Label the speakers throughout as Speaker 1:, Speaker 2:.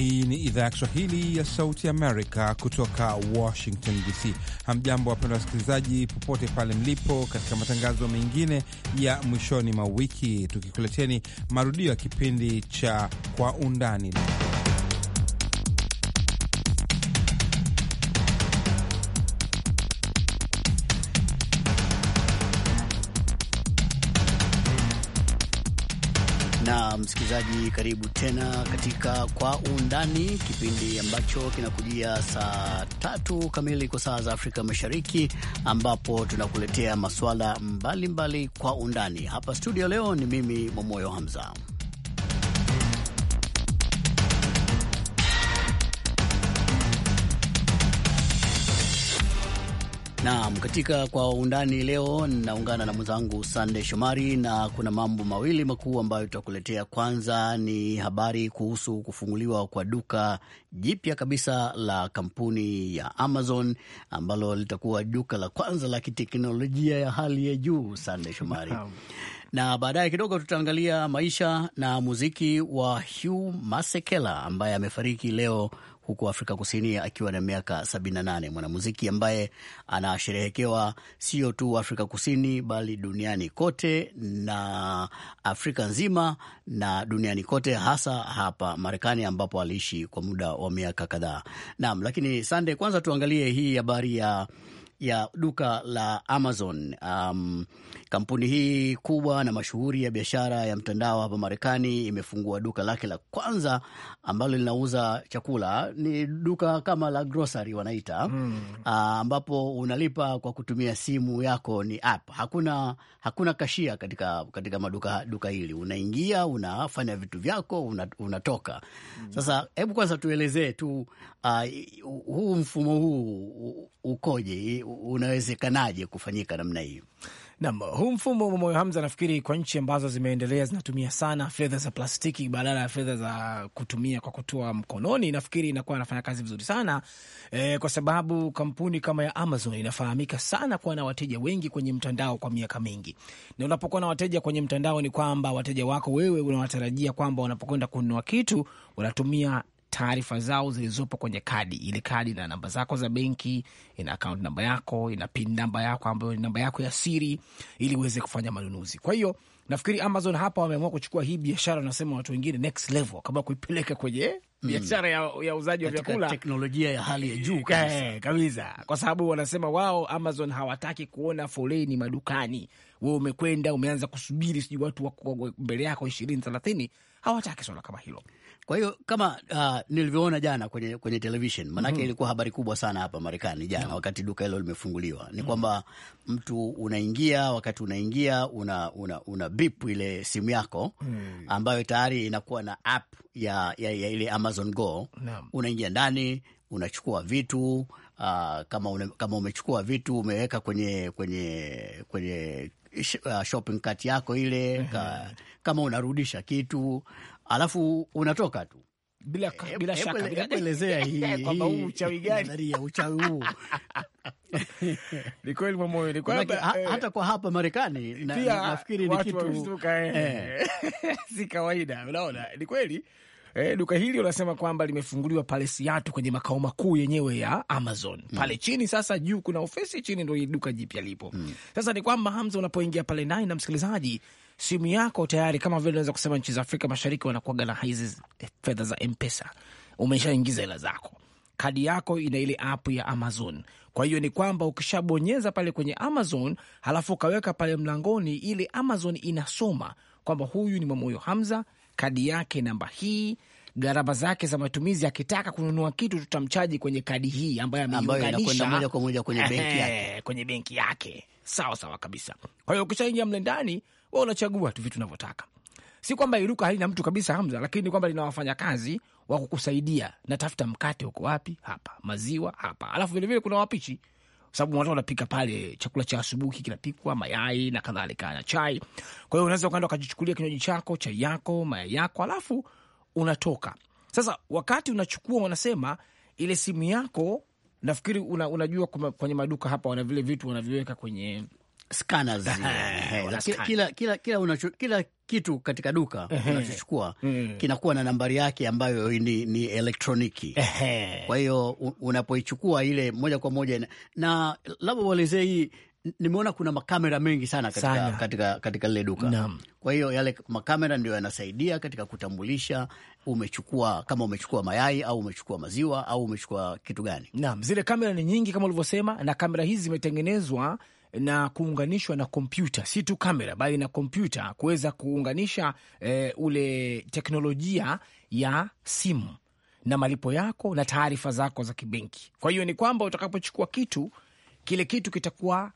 Speaker 1: Hii ni idhaa ya Kiswahili ya Sauti Amerika kutoka Washington DC. Hamjambo wapenda wasikilizaji, popote pale mlipo, katika matangazo mengine ya mwishoni mwa wiki, tukikuleteni marudio ya kipindi cha Kwa Undani.
Speaker 2: na msikilizaji, karibu tena katika Kwa Undani, kipindi ambacho kinakujia saa tatu kamili kwa saa za Afrika Mashariki, ambapo tunakuletea masuala mbalimbali mbali kwa undani. Hapa studio leo ni mimi Momoyo Hamza. Naam, katika kwa undani leo naungana na mwenzangu Sande Shomari na kuna mambo mawili makuu ambayo tutakuletea. Kwanza ni habari kuhusu kufunguliwa kwa duka jipya kabisa la kampuni ya Amazon ambalo litakuwa duka la kwanza la kiteknolojia ya hali ya juu, Sande Shomari. na baadaye kidogo tutaangalia maisha na muziki wa Hugh Masekela ambaye amefariki leo huko Afrika Kusini akiwa na miaka 78, mwanamuziki ambaye anasherehekewa sio tu Afrika Kusini bali duniani kote na Afrika nzima na duniani kote, hasa hapa Marekani ambapo aliishi kwa muda wa miaka kadhaa. Naam, lakini Sande, kwanza tuangalie hii habari ya, ya ya duka la Amazon. Um, kampuni hii kubwa na mashuhuri ya biashara ya mtandao hapa Marekani imefungua duka lake la kwanza ambalo linauza chakula, ni duka kama la grocery wanaita, hmm. uh, ambapo mm. uh, unalipa kwa kutumia simu yako, ni app. Hakuna, hakuna kashia katika, katika maduka duka hili, unaingia unafanya vitu vyako una, unatoka mm. Sasa hebu kwanza tuelezee tu uh, huu mfumo huu ukoje? unawezekanaje kufanyika namna hiyo? Nam,
Speaker 3: huu mfumo moyo Hamza, nafikiri kwa nchi ambazo zimeendelea zinatumia sana fedha za plastiki badala ya fedha za kutumia kwa kutoa mkononi, nafikiri inakuwa anafanya kazi vizuri sana e, kwa sababu kampuni kama ya Amazon inafahamika sana kuwa na wateja wengi kwenye mtandao kwa miaka mingi, na unapokuwa na wateja kwenye mtandao ni kwamba wateja wako wewe unawatarajia kwamba wanapokwenda kununua kitu wanatumia taarifa zao zilizopo kwenye kadi. Ile kadi ina namba zako za benki, ina akaunti namba yako, ina pin namba yako ambayo ni namba yako ya siri, ili uweze kufanya manunuzi. Kwa hiyo nafikiri Amazon hapa wameamua kuchukua hii biashara, wanasema watu wengine next level, kama kuipeleka kwenye hmm. biashara ya, ya uzaji wa vyakula, teknolojia ya hali ya juu eh, kabisa kwa sababu wanasema wao Amazon hawataki kuona foleni madukani.
Speaker 2: We umekwenda umeanza kusubiri, sijui watu wako mbele yako ishirini thelathini. Hawataki swala kama hilo. Kwa hiyo kama uh, nilivyoona jana kwenye, kwenye television maanake mm -hmm. ilikuwa habari kubwa sana hapa Marekani jana yeah. wakati duka hilo limefunguliwa ni mm-hmm. kwamba mtu unaingia, wakati unaingia una, una, una bip ile simu yako mm. ambayo tayari inakuwa na app ya, ya, ya ile Amazon Go yeah. unaingia ndani unachukua vitu uh, kama, une, kama umechukua vitu umeweka kwenye, kwenye, kwenye ah, shopping cart yako ile ka, mm-hmm. kama unarudisha kitu alafu unatoka tu bila, e, bila e, shaka kuelezea hii eh, kwamba huu uchawi gani uchawi huu ni kweli mwamoyo, ni kwamba eh, hata kwa hapa Marekani na, nafikiri ni kitu eh, eh.
Speaker 3: si kawaida. Unaona, ni kweli eh, duka hili unasema kwamba limefunguliwa pale Seattle kwenye makao makuu yenyewe ya Amazon mm. pale mm. chini. Sasa juu kuna ofisi, chini ndo duka jipya lipo mm. Sasa ni kwamba Hamza, unapoingia pale ndani na msikilizaji simu yako tayari, kama vile unaweza kusema nchi za Afrika Mashariki wanakuaga na hizi fedha za Mpesa, umeshaingiza hela zako, kadi yako ina ile app ya Amazon. Kwa hiyo ni kwamba ukishabonyeza pale kwenye Amazon halafu ukaweka pale mlangoni, ile Amazon inasoma kwamba huyu ni Mwamoyo Hamza, kadi yake namba hii gharama zake za matumizi, akitaka kununua kitu tutamchaji kwenye kadi hii ambayo ameiunganisha moja kwa moja kwenye benki yake, kwenye benki yake. Sawa sawa kabisa. Kwa hiyo ukishaingia mle ndani wewe unachagua tu vitu unavyotaka. Si kwamba iruka halina mtu kabisa, Hamza, lakini kwamba lina wafanyakazi wa kukusaidia. Natafuta mkate huko wapi? Hapa. Maziwa hapa. Alafu vilevile kuna wapichi sababu watu wanapika pale, chakula cha asubuhi kinapikwa, mayai na kadhalika na chai. Kwa hiyo unaweza ukaenda ukajichukulia kinywaji chako, chai yako, mayai yako, alafu unatoka. Sasa wakati unachukua, wanasema ile simu yako, nafikiri una, unajua kwenye maduka hapa wana vile vitu wanavyoweka kwenye scanners
Speaker 2: kila, kila, kila, unacho, kila kitu katika duka unachochukua mm. kinakuwa na nambari yake ambayo ni, ni elektroniki. Kwa hiyo unapoichukua ile moja kwa moja na, labda uelezee hii nimeona kuna makamera mengi sana katika, sana. Katika, katika lile duka Nam. Kwa hiyo yale makamera ndio yanasaidia katika kutambulisha umechukua kama umechukua mayai au umechukua maziwa au umechukua kitu gani. Naam, zile
Speaker 3: kamera ni nyingi kama ulivyosema, na kamera hizi zimetengenezwa na kuunganishwa na kompyuta, si tu kamera, bali na kompyuta kuweza kuunganisha e, ule teknolojia ya simu na malipo yako na taarifa zako za kibenki. Kwa hiyo ni kwamba utakapochukua kitu kile kitu kitakuwa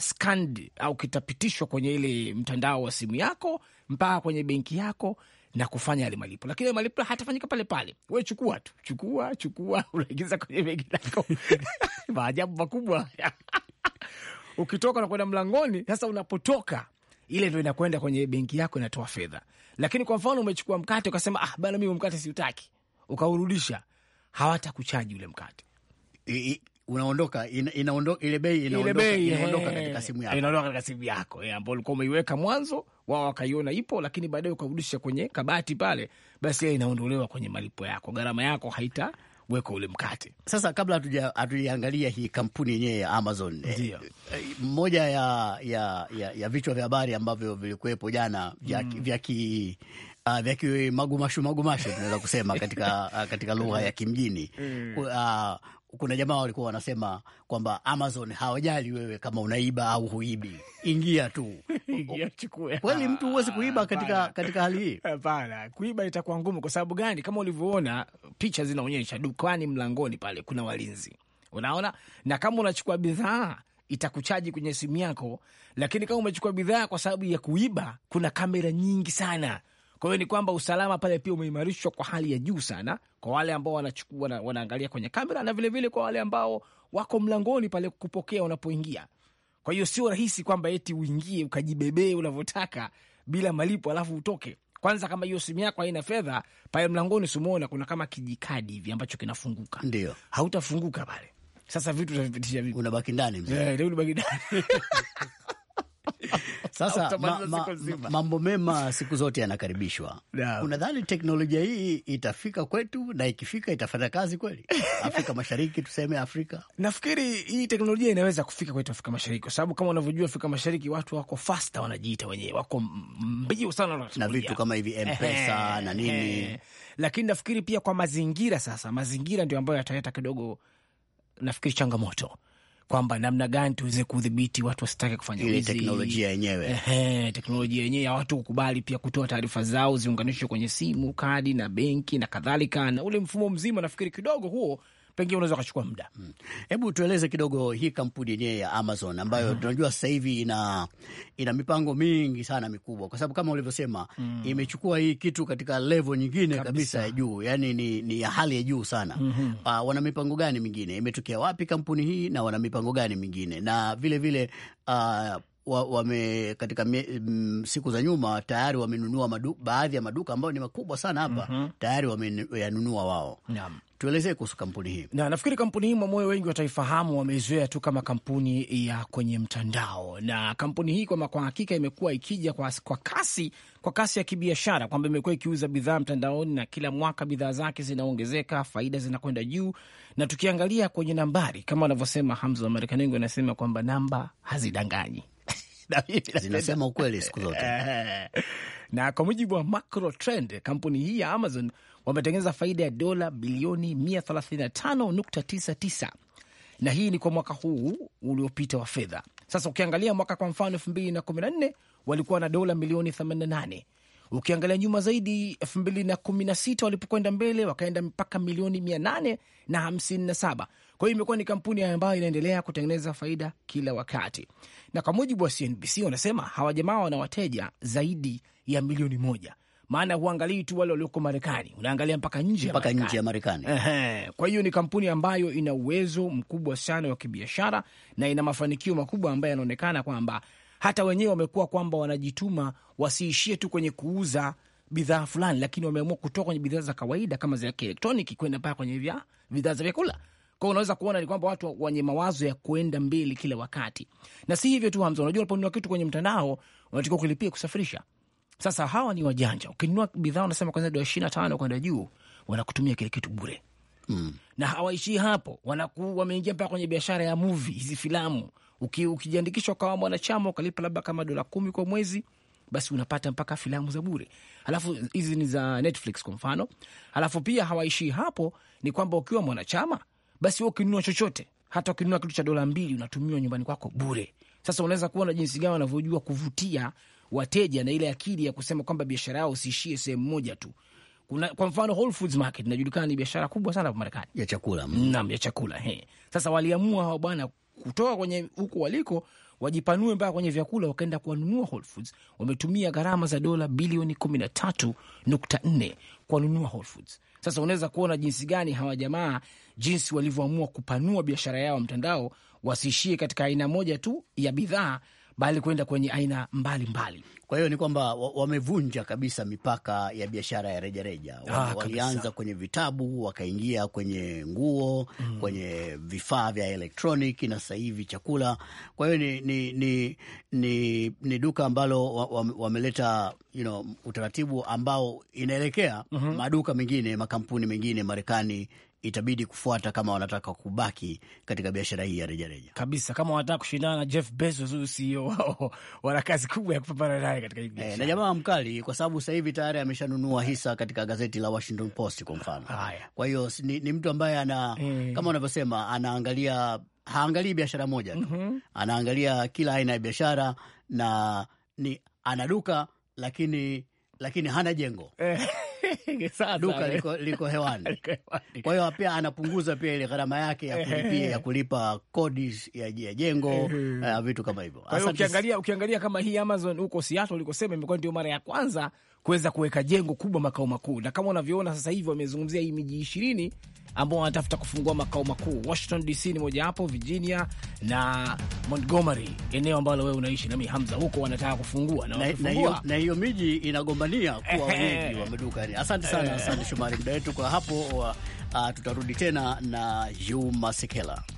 Speaker 3: scanned au kitapitishwa kwenye ile mtandao wa simu yako mpaka kwenye benki yako na kufanya yale malipo, lakini malipo hatafanyika pale pale. We chukua tu, chukua chukua, unaingiza kwenye benki yako maajabu makubwa ukitoka unakwenda mlangoni. Sasa unapotoka ile ndo inakwenda kwenye benki yako inatoa fedha. Lakini kwa mfano umechukua mkate ukasema, ah bana, mimi mkate siutaki, ukaurudisha, hawatakuchaji ule mkate I, unaondoka ina, inaondo, ile bei inaondoka, eh, inaondoka katika simu yako, inaondoka katika simu yako eh, ambayo ulikuwa umeiweka mwanzo, wao wakaiona ipo, lakini baadaye ukarudisha kwenye kabati pale, basi
Speaker 2: inaondolewa kwenye malipo yako, gharama yako haita weko ule mkate. Sasa kabla hatujaangalia hii kampuni yenyewe ya Amazon, eh, eh, moja eh, ya, ya, ya, ya vichwa vya habari ambavyo vilikuwepo jana vya ki mm. vya kimagumashu ah, magumashu tunaweza kusema katika, ah, katika lugha ya kimjini uh, kuna jamaa walikuwa wanasema kwamba Amazon hawajali wewe kama unaiba au huibi, ingia tu Kweli mtu huwezi kuiba katika, katika hali hii? Hapana, kuiba itakuwa ngumu.
Speaker 3: Kwa sababu gani? Kama ulivyoona picha zinaonyesha dukani, mlangoni pale kuna walinzi, unaona. Na kama unachukua bidhaa itakuchaji kwenye simu yako, lakini kama umechukua bidhaa kwa sababu ya kuiba, kuna kamera nyingi sana kwa hiyo ni kwamba usalama pale pia umeimarishwa kwa hali ya juu sana kwa wale ambao wanachukua na, wanaangalia kwenye kamera na vilevile vile kwa wale ambao wako mlangoni pale kupokea unapoingia. Kwa hiyo sio rahisi kwamba eti uingie ukajibebee unavyotaka bila malipo alafu utoke. Kwanza kama hiyo simu yako haina fedha, pale mlangoni simuona kuna kama kijikadi hivi ambacho kinafunguka, ndio hautafunguka pale.
Speaker 2: Sasa vitu utavipitisha vipi? Unabaki ndani mzee, eh, unabaki ndani Sasa ma, ma, mambo mema siku zote yanakaribishwa yeah. Unadhani teknolojia hii itafika kwetu na ikifika itafanya kazi kweli Afrika Mashariki, tuseme Afrika?
Speaker 3: Nafikiri hii teknolojia inaweza kufika kwetu Afrika Mashariki kwa sababu kama unavyojua Afrika Mashariki watu wako fasta, wanajiita wenyewe wako mbio sana na vitu kama hivi M-Pesa na nini, lakini nafikiri pia kwa mazingira sasa, mazingira ndio ambayo yataleta kidogo nafikiri changamoto kwamba namna gani tuweze kudhibiti watu wasitake kufanya wizi, teknolojia yenyewe ehe, teknolojia yenyewe ya watu kukubali pia kutoa taarifa zao ziunganishwe kwenye simu, kadi na
Speaker 2: benki na kadhalika, na ule mfumo mzima, nafikiri kidogo huo pengine unaweza ukachukua muda. Hmm. Hebu tueleze kidogo hii kampuni yenyewe ya Amazon ambayo hmm, tunajua sasa hivi ina, ina mipango mingi sana mikubwa, kwa sababu kama ulivyosema hmm, imechukua hii kitu katika level nyingine kabisa, kabisa ya juu, yani ni, ni ya hali ya juu sana hmm. Uh, wana mipango gani mingine? Imetokea wapi kampuni hii na wana mipango gani mingine? Na vilevile vile, uh, wame katika m, mm, siku za nyuma tayari wamenunua baadhi ya maduka ambayo ni makubwa sana hapa mm -hmm. Tayari wameyanunua wao. Naam. Tuelezee kuhusu kampuni hii. Na nafikiri kampuni hii Mwamoyo
Speaker 3: wengi wataifahamu, wameizoea tu kama kampuni ya kwenye mtandao,
Speaker 2: na kampuni hii kwa,
Speaker 3: kwa hakika imekuwa ikija kwa, kwa kasi kwa kasi ya kibiashara, kwamba imekuwa ikiuza bidhaa mtandaoni na kila mwaka bidhaa zake zinaongezeka, faida zinakwenda juu, na tukiangalia kwenye nambari kama wanavyosema Hamza wa Marekani wengi wanasema kwamba namba hazidanganyi zinasema
Speaker 2: ukweli siku zote.
Speaker 3: na kwa mujibu wa Macro Trend, kampuni hii ya Amazon wametengeneza faida ya dola bilioni 135.99 na hii ni kwa mwaka huu uliopita wa fedha. Sasa ukiangalia mwaka kwa mfano elfu walikuwa na dola milioni 88. Ukiangalia nyuma zaidi elfu walipokwenda mbele wakaenda mpaka milioni 857. na na Kwa hiyo imekuwa ni kampuni ambayo inaendelea kutengeneza faida kila wakati, na kwa mujibu wa CNBC wanasema hawajamaa wana wateja zaidi ya milioni moja maana huangalii tu wale walioko Marekani, unaangalia mpaka nje mpaka nje ya Marekani. Kwa hiyo ni kampuni ambayo ina uwezo mkubwa sana wa kibiashara na ina mafanikio makubwa ambayo yanaonekana kwamba hata wenyewe wamekuwa kwamba wanajituma wasiishie tu kwenye kuuza bidhaa fulani, lakini wameamua kutoka kwenye bidhaa za kawaida kama za kielektroniki kwenda mpaka kwenye vya bidhaa za vyakula. Kwa hiyo unaweza kuona ni kwamba watu wenye mawazo ya kuenda mbele kila wakati, na si hivyo tu Hamza, unajua unaponunua kitu kwenye mtandao unatakiwa kulipia kusafirisha. Sasa hawa ni wajanja, ukinunua bidhaa unasema kwanza dola ishirini na tano kwenda juu, wanakutumia kile kitu bure mm. na hawaishii hapo, wanaku wameingia mpaka kwenye biashara ya muvi hizi filamu. Uki, ukijiandikishwa kwa mwanachama ukalipa labda kama dola kumi kwa mwezi basi unapata mpaka filamu za bure. Alafu hizi ni za Netflix kwa mfano. Alafu pia hawaishii hapo, ni kwamba ukiwa mwanachama basi wewe ukinunua chochote, hata ukinunua kitu cha dola mbili unatumiwa nyumbani kwako bure. Sasa unaweza kuona jinsi gani wanavyojua kuvutia wateja na ile akili ya kusema kwamba biashara yao siishie sehemu moja tu. Kuna, kwa mfano Whole Foods Market inajulikana ni biashara kubwa sana hapa Marekani ya chakula. Mm. Naam, ya chakula he. Sasa waliamua hao bwana kutoka kwenye huko waliko wajipanue mpaka kwenye vyakula wakaenda kuwanunua Whole Foods. Wametumia gharama za dola bilioni kumi na 13.4 kuwanunua Whole Foods. Sasa unaweza kuona jinsi gani hawa jamaa jinsi walivyoamua kupanua biashara yao mtandao, wasiishie katika aina moja tu ya bidhaa, bali kwenda kwenye aina mbalimbali
Speaker 2: mbali. Kwa hiyo ni kwamba wamevunja kabisa mipaka ya biashara ya rejareja ah, walianza kwenye vitabu wakaingia kwenye nguo mm, kwenye vifaa vya elektroniki na sasa hivi chakula. Kwa hiyo ni, ni, ni, ni, ni duka ambalo wameleta you know, utaratibu ambao inaelekea mm -hmm. maduka mengine makampuni mengine Marekani itabidi kufuata kama wanataka kubaki katika biashara hii ya rejareja kabisa, kama wanataka kushindana na Jeff Bezos, CEO wao, wana kazi kubwa ya kupambana naye katika hii eh, biashara. E, na jamaa mkali, kwa sababu sasa hivi tayari ameshanunua hisa katika gazeti la Washington Post kwa mfano. Kwa hiyo ni, ni mtu ambaye ana e, kama unavyosema anaangalia, haangalii biashara moja tu mm -hmm. anaangalia kila aina ya biashara na ni ana duka lakini lakini hana jengo eh. duka liko, liko hewani. Kwa hiyo pia anapunguza pia ile gharama yake ya kulipia, ya kulipa kodi ya jengo eh, vitu kama hivyo. Ukiangalia, ukiangalia kama hii Amazon
Speaker 3: huko Seattle ulikosema imekuwa ndio mara ya kwanza kuweza kuweka jengo kubwa makao makuu, na kama unavyoona sasa hivi wamezungumzia hii miji ishirini ambao wanatafuta kufungua makao makuu. Washington DC ni mojawapo, Virginia na Montgomery, eneo ambalo wewe unaishi nami Hamza, huko wanataka
Speaker 2: kufungua na, na, na hiyo miji inagombania kuwa wenyeji wa maduka. Asante sana, eh. asante Shomari, muda wetu kwa hapo. Uh, uh tutarudi tena na yumasekela Sekela.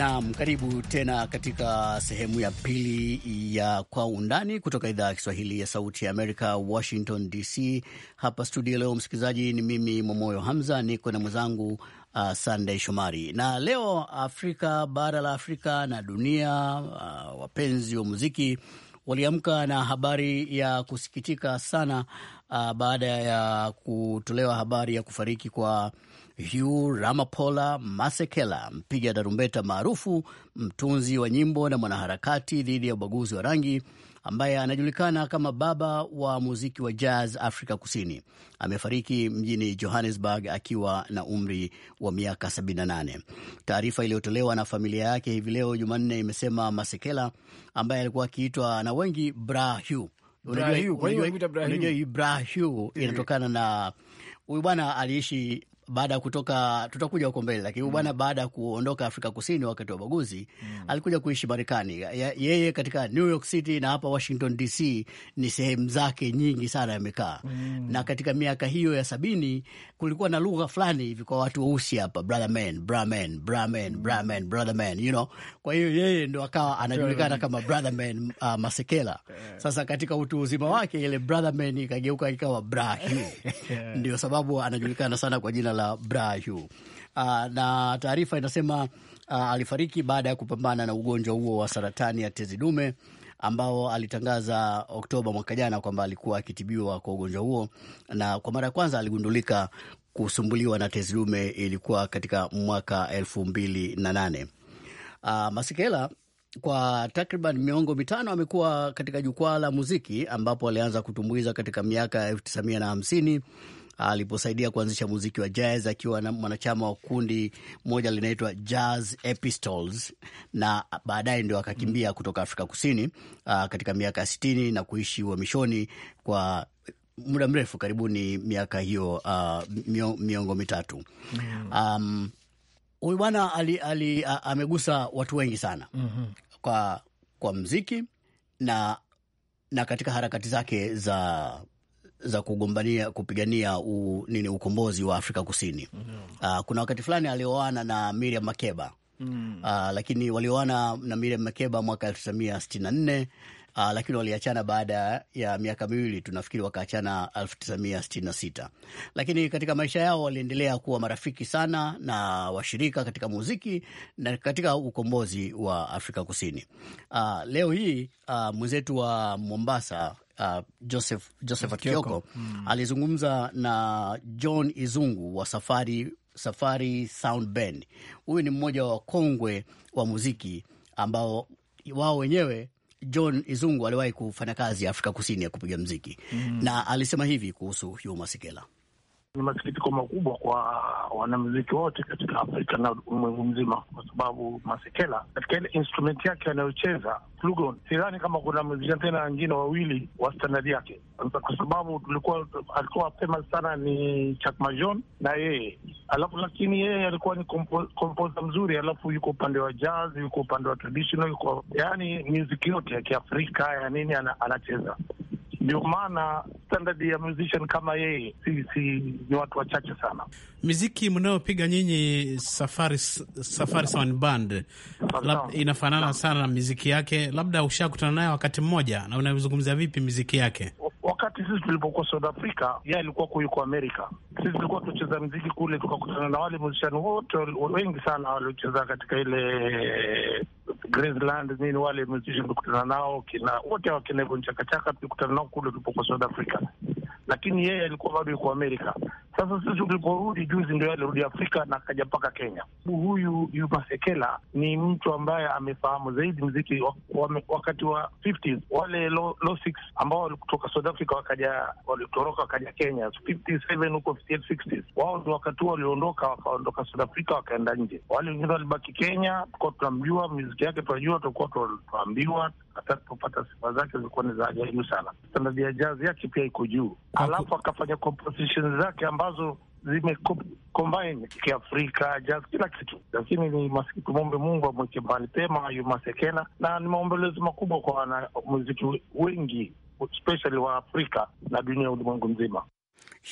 Speaker 2: Naam, karibu tena katika sehemu ya pili ya Kwa Undani kutoka idhaa ya Kiswahili ya Sauti ya Amerika, Washington DC. Hapa studio leo, msikilizaji, ni mimi Momoyo Hamza, niko na mwenzangu uh, Sandey Shomari, na leo Afrika, bara la Afrika na dunia, uh, wapenzi wa muziki waliamka na habari ya kusikitika sana, uh, baada ya kutolewa habari ya kufariki kwa Hugh Ramapola Masekela, mpiga darumbeta maarufu, mtunzi wa nyimbo na mwanaharakati dhidi ya ubaguzi wa rangi ambaye anajulikana kama baba wa muziki wa jazz Afrika Kusini, amefariki mjini Johannesburg akiwa na umri wa miaka 78. Taarifa iliyotolewa na familia yake hivi leo Jumanne imesema Masekela ambaye alikuwa akiitwa na wengi Bra Hugh, unajua hii Bra Hugh inatokana na huyu bwana aliishi baada ya kutoka, tutakuja huko mbele, lakini mm. bwana baada ya kuondoka Afrika Kusini wakati wa ubaguzi mm. alikuja kuishi Marekani, yeye katika New York City na hapa Washington DC ni sehemu zake nyingi sana yamekaa mm. na katika miaka hiyo ya sabini kulikuwa na lugha fulani hivi kwa watu weusi hapa, brother man, brother man, brother man, brother man, brother man, you know. Kwa hiyo yeye ndo akawa anajulikana kama brother man uh, Masekela. Sasa katika utu uzima wake ile brother man ikageuka ikawa bra,
Speaker 4: ndio
Speaker 2: sababu anajulikana sana kwa jina la Abdallah Brahu. Uh, ah, na taarifa inasema uh, alifariki baada ya kupambana na ugonjwa huo wa saratani ya tezi dume ambao alitangaza Oktoba mwaka jana kwamba alikuwa akitibiwa kwa ugonjwa huo, na kwa mara ya kwanza aligundulika kusumbuliwa na tezi dume ilikuwa katika mwaka elfu mbili na nane. Uh, Masikela kwa takriban miongo mitano amekuwa katika jukwaa la muziki ambapo alianza kutumbuiza katika miaka ya elfu tisa mia na hamsini aliposaidia kuanzisha muziki wa jazz akiwa mwanachama wa kundi moja linaitwa Jazz Epistles, na baadaye ndio akakimbia mm. kutoka Afrika Kusini uh, katika miaka ya sitini na kuishi uhamishoni kwa muda mrefu, karibuni miaka hiyo uh, mio, miongo mitatu mm. um, huyu bwana amegusa watu wengi sana mm -hmm. kwa, kwa mziki na na katika harakati zake za za kugombania kupigania u, nini ukombozi wa Afrika Kusini. mm -hmm. Uh, kuna wakati fulani alioana na Miriam Makeba mm. -hmm. Uh, lakini walioana na Miriam Makeba mwaka 1964 uh, ah, lakini waliachana baada ya miaka miwili, tunafikiri wakaachana 1966. Lakini katika maisha yao waliendelea kuwa marafiki sana na washirika katika muziki na katika ukombozi wa Afrika Kusini. Uh, leo hii uh, mwenzetu wa Mombasa uh, Joseph, Josephat Kioko mm. alizungumza na John Izungu wa Safari, Safari Sound Band. Huyu ni mmoja wa kongwe wa muziki ambao wao wenyewe John Izungu aliwahi kufanya kazi Afrika Kusini ya kupiga mziki
Speaker 5: mm. na alisema hivi kuhusu Yuma Sikela. Ni masikitiko makubwa kwa wanamuziki wote katika Afrika na ulimwengu mzima, kwa sababu Masekela katika ile instrumenti yake anayocheza flugon, sidhani kama kuna muzikani tena wengine wawili wa standadi yake, kwa sababu tulikuwa alikuwa famous sana ni Chuck Majon na yeye, alafu lakini yeye alikuwa ni kompoza mzuri, alafu yuko upande wa jazz, yuko upande wa traditional, yuko yani muziki yote ya Kiafrika ya nini anacheza ana ndio maana standard ya musician kama yeye si, ni watu wachache sana.
Speaker 3: Miziki mnayopiga nyinyi Safari, Safari Sound Band inafanana sana na miziki yake, labda ushakutana naye wakati mmoja, na unazungumzia vipi miziki yake?
Speaker 5: Wakati sisi tulipokuwa South Africa, yeye alikuwa yuko Amerika. Sisi tulikuwa tucheza mziki kule, tukakutana na wale musician wote wengi sana waliocheza katika ile Graceland nini, wale musician tulikutana nao kina wote wakina hivyo Chakachaka, tulikutana nao kule tulipokuwa South Africa, lakini yeye alikuwa bado yuko Amerika. Sasa sisi tuliporudi juzi, ndio alirudi Afrika na akaja mpaka Kenya. Huyu Yuba Sekela ni mtu ambaye amefahamu zaidi mziki wakati wa 50s, wale low, six ambao walikutoka South Africa wakaja walitoroka wakaja Kenya 57 huko 60s. Wao ndio wakati huo waliondoka, wakaondoka South Africa wakaenda nje. Wale wengine walibaki Kenya, tukuwa tunamjua miziki yake, tunajua, tukuwa tunaambiwa atakapopata sifa zake zilikuwa ni za ajabu sana. Standadi ya jazi yake pia iko juu, alafu akafanya composition zake ambazo zime combine Kiafrika, jazz, kila kitu. Lakini ni masikitiko, Mungu amweke mahali pema Yuma Sekena, na ni maombolezo makubwa kwa wanamuziki wengi especially wa Afrika na dunia ulimwengu mzima.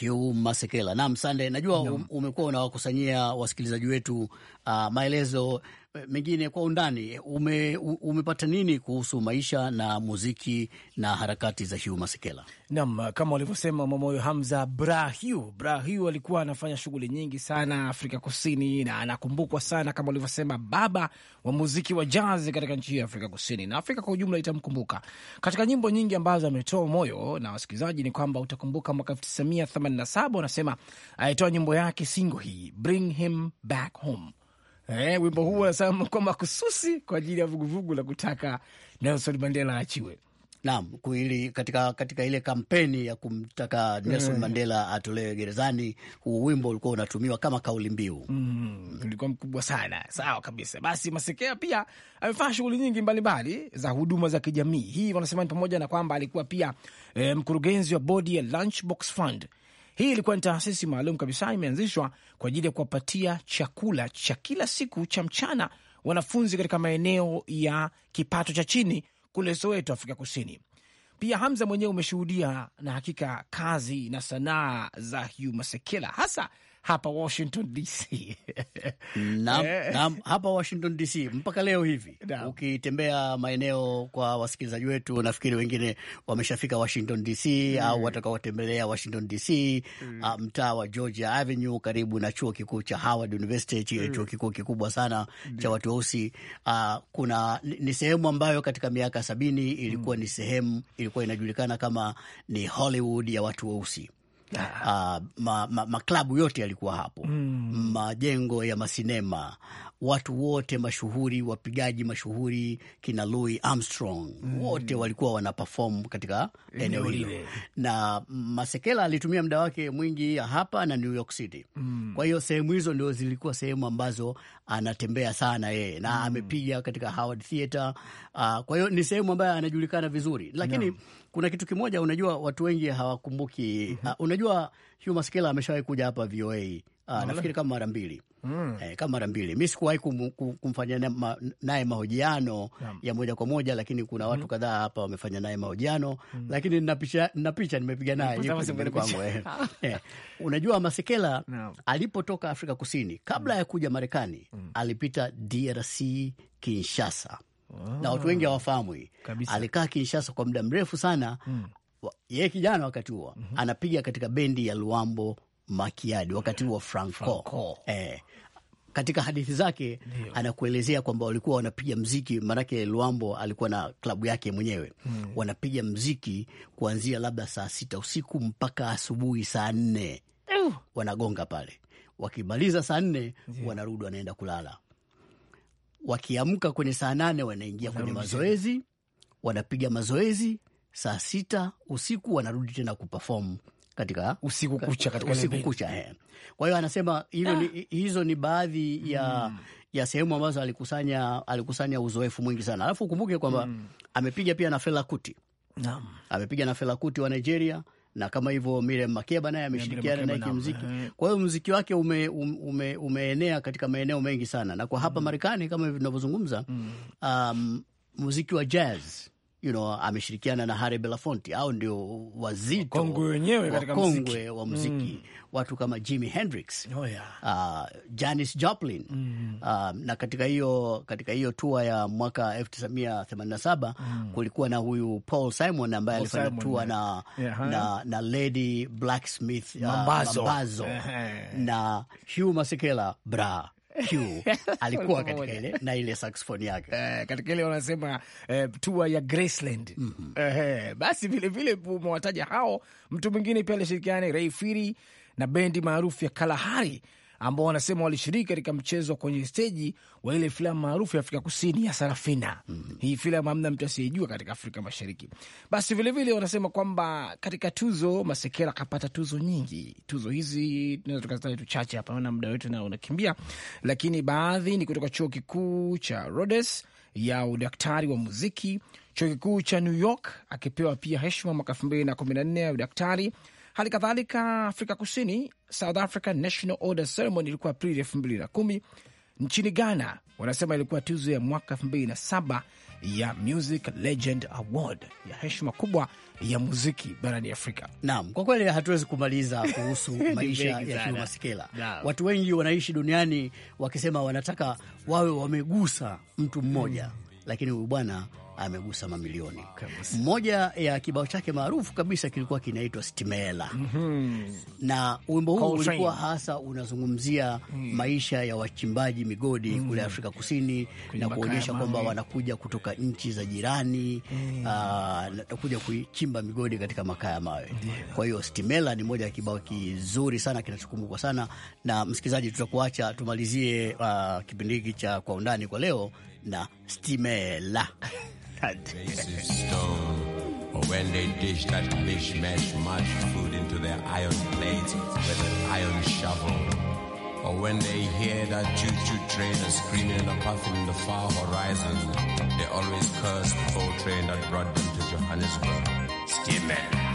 Speaker 2: Hugh Masekela. Naam, Sande, najua um, Umekuwa unawakusanyia wasikilizaji wetu uh, maelezo Eh, mengine kwa undani. Ume, umepata nini kuhusu maisha na muziki na harakati za Hiu Masekela? Naam,
Speaker 3: kama walivyosema Mwamoyo Hamza, Brahiu Brahiu alikuwa anafanya shughuli nyingi sana Afrika Kusini na anakumbukwa sana kama walivyosema, baba wa muziki wa jazz katika nchi hiyo ya Afrika Kusini na Afrika kwa ujumla itamkumbuka katika nyimbo nyingi ambazo ametoa moyo na wasikilizaji. Ni kwamba utakumbuka mwaka 1987 unasema alitoa nyimbo yake singo hii Bring Him Back Home Eh, wimbo huu wanasema kwa makususi kwa ajili ya vuguvugu la
Speaker 2: kutaka Nelson Mandela aachiwe. Naam, kuili katika, katika ile kampeni ya kumtaka Nelson mm. Mandela atolewe gerezani, huu wimbo ulikuwa unatumiwa kama kauli mbiu mm, ulikuwa mkubwa sana.
Speaker 3: Sawa kabisa. Basi
Speaker 2: Masekea pia amefanya shughuli nyingi
Speaker 3: mbalimbali za huduma za kijamii. Hii wanasema ni pamoja na kwamba alikuwa pia eh, mkurugenzi wa bodi ya Lunchbox Fund hii ilikuwa ni taasisi maalum kabisa imeanzishwa kwa ajili ya kuwapatia chakula cha kila siku cha mchana wanafunzi katika maeneo ya kipato cha chini kule Soweto, Afrika Kusini. Pia Hamza mwenyewe umeshuhudia na hakika kazi na sanaa za Humasekela, hasa hapa Washington DC
Speaker 2: nam, eh. nam, hapa Washington DC mpaka leo hivi nam. Ukitembea maeneo kwa wasikilizaji wetu, nafikiri wengine wameshafika Washington DC mm. au watakaotembelea Washington DC mm. Ah, mtaa wa Georgia Avenue karibu na chuo kikuu cha Howard University mm. chuo kikuu kikubwa sana mm. cha watu weusi uh, kuna ni sehemu ambayo katika miaka sabini ilikuwa mm. ni sehemu ilikuwa inajulikana kama ni Hollywood ya watu weusi uh, ah. maklabu ah, ma, ma yote yalikuwa hapo mm. majengo ya masinema watu wote mashuhuri, wapigaji mashuhuri kina Louis Armstrong mm. wote walikuwa wana perform katika eneo hilo, na Masekela alitumia muda wake mwingi hapa na New York City mm. kwa hiyo sehemu hizo ndio zilikuwa sehemu ambazo anatembea sana yeye na mm. amepiga katika Howard Theater uh, kwa hiyo ni sehemu ambayo anajulikana vizuri, lakini no kuna kitu kimoja, unajua watu wengi hawakumbuki. mm -hmm. Uh, unajua Hugh Masekela ameshawahi kuja hapa VOA uh, ah, nafikiri kama mara mbili Mm. Eh, kama mara mbili mi sikuwahi kum, kum, kumfanya naye ma, mahojiano yeah, ya moja kwa moja, lakini kuna watu mm, kadhaa hapa wamefanya naye mahojiano mm, lakini nina picha nimepiga naye kwangu eh. eh unajua Masekela no, alipotoka Afrika Kusini kabla mm, ya kuja Marekani mm, alipita DRC Kinshasa
Speaker 4: wow. Ah. na watu wengi
Speaker 2: hawafahamu hii. Alikaa Kinshasa kwa muda mrefu sana mm. ye kijana wakati huo mm -hmm. anapiga katika bendi ya Luambo Makiadi wakati huo Franco, Franco. Eh, katika hadithi zake Dio. anakuelezea kwamba walikuwa wanapiga mziki, maanake Luambo alikuwa na klabu yake mwenyewe mm. wanapiga mziki kuanzia labda saa sita usiku mpaka asubuhi saa nne wanagonga pale, wakimaliza saa nne wanarudi wanaenda kulala wakiamka kwenye saa nane wanaingia kwenye mazoezi, wanapiga mazoezi saa sita usiku wanarudi tena kuperform katika usiku kucha, katika usiku kucha eh. Kwa hiyo anasema hilo ah, ni, hizo ni baadhi ya mm, ya sehemu ambazo alikusanya alikusanya uzoefu mwingi sana, alafu ukumbuke kwamba mm, amepiga pia na Fela Kuti, naam, amepiga na Fela Kuti wa Nigeria na kama hivyo Miriam Makeba naye ameshirikiana naye kimuziki. Eh. Kwa hiyo muziki wake ume, um, ume, umeenea katika maeneo mengi sana, na kwa hapa mm. Marekani kama hivi tunavyozungumza mm. um, muziki wa jazz you know, ameshirikiana na Harry Belafonte au ndio wazito wakongwe wenyewe wa muziki. Mm. Watu kama Jimi Hendrix oh, yeah. uh, Janis Joplin mm. uh, na katika hiyo katika hiyo tua ya mwaka 1987 mm. kulikuwa na huyu Paul Simon ambaye alifanya tua na, yeah, na, na Lady Blacksmith uh, Mambazo, Mambazo. Eh, eh. na Hugh Masekela bra alikuwa katika ile na ile saxofoni yake eh, katika ile wanasema
Speaker 3: eh, tour ya Graceland mm -hmm. Eh, basi vilevile umewataja hao, mtu mwingine pia alishirikiana Ray Firi na bendi maarufu ya Kalahari ambao wanasema walishiriki katika mchezo kwenye steji wa ile filamu maarufu ya Afrika Kusini ya Sarafina. mm -hmm. Hii filamu hamna mtu asiyejua katika Afrika Mashariki. Basi vilevile vile wanasema kwamba katika tuzo Masekela akapata tuzo nyingi. Tuzo hizi tunaweza tukazitaja tu chache hapa, maana muda wetu nao unakimbia, lakini baadhi ni kutoka chuo kikuu cha Rhodes ya udaktari wa muziki, chuo kikuu cha New York akipewa pia heshima mwaka elfu mbili na kumi na nne ya udaktari Hali kadhalika Afrika Kusini, South Africa National Order Ceremony ilikuwa Aprili elfu mbili na kumi. Nchini Ghana wanasema ilikuwa tuzo ya mwaka elfu mbili na saba ya Music Legend Award ya heshima kubwa ya muziki barani Afrika.
Speaker 2: Naam, kwa kweli hatuwezi kumaliza kuhusu maisha ya Chinua Masekela. Watu wengi wanaishi duniani wakisema wanataka wawe wamegusa mtu mmoja, mm. lakini huyu bwana amegusa mamilioni. Mmoja ya kibao chake maarufu kabisa kilikuwa kinaitwa Stimela. mm -hmm. na wimbo huu ulikuwa hasa unazungumzia mm. maisha ya wachimbaji migodi mm. kule Afrika Kusini Kujibaka na kuonyesha kwamba wanakuja kutoka nchi za jirani mm. uh, kuja kuchimba migodi katika makaa ya mawe -hmm. Kwa hiyo Stimela ni moja ya kibao kizuri sana kinachokumbukwa sana na msikilizaji. Tutakuacha tumalizie uh, kipindi hiki cha kwa undani kwa leo na Stimela God damn.
Speaker 3: stone, or when they dish that mishmash much food into their iron plates with an iron shovel, or when they hear that choo-choo train screaming and puffing in the far horizon, they always curse the full train that brought them to Johannesburg. Steaming.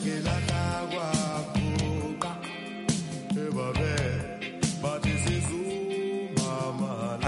Speaker 1: sangre la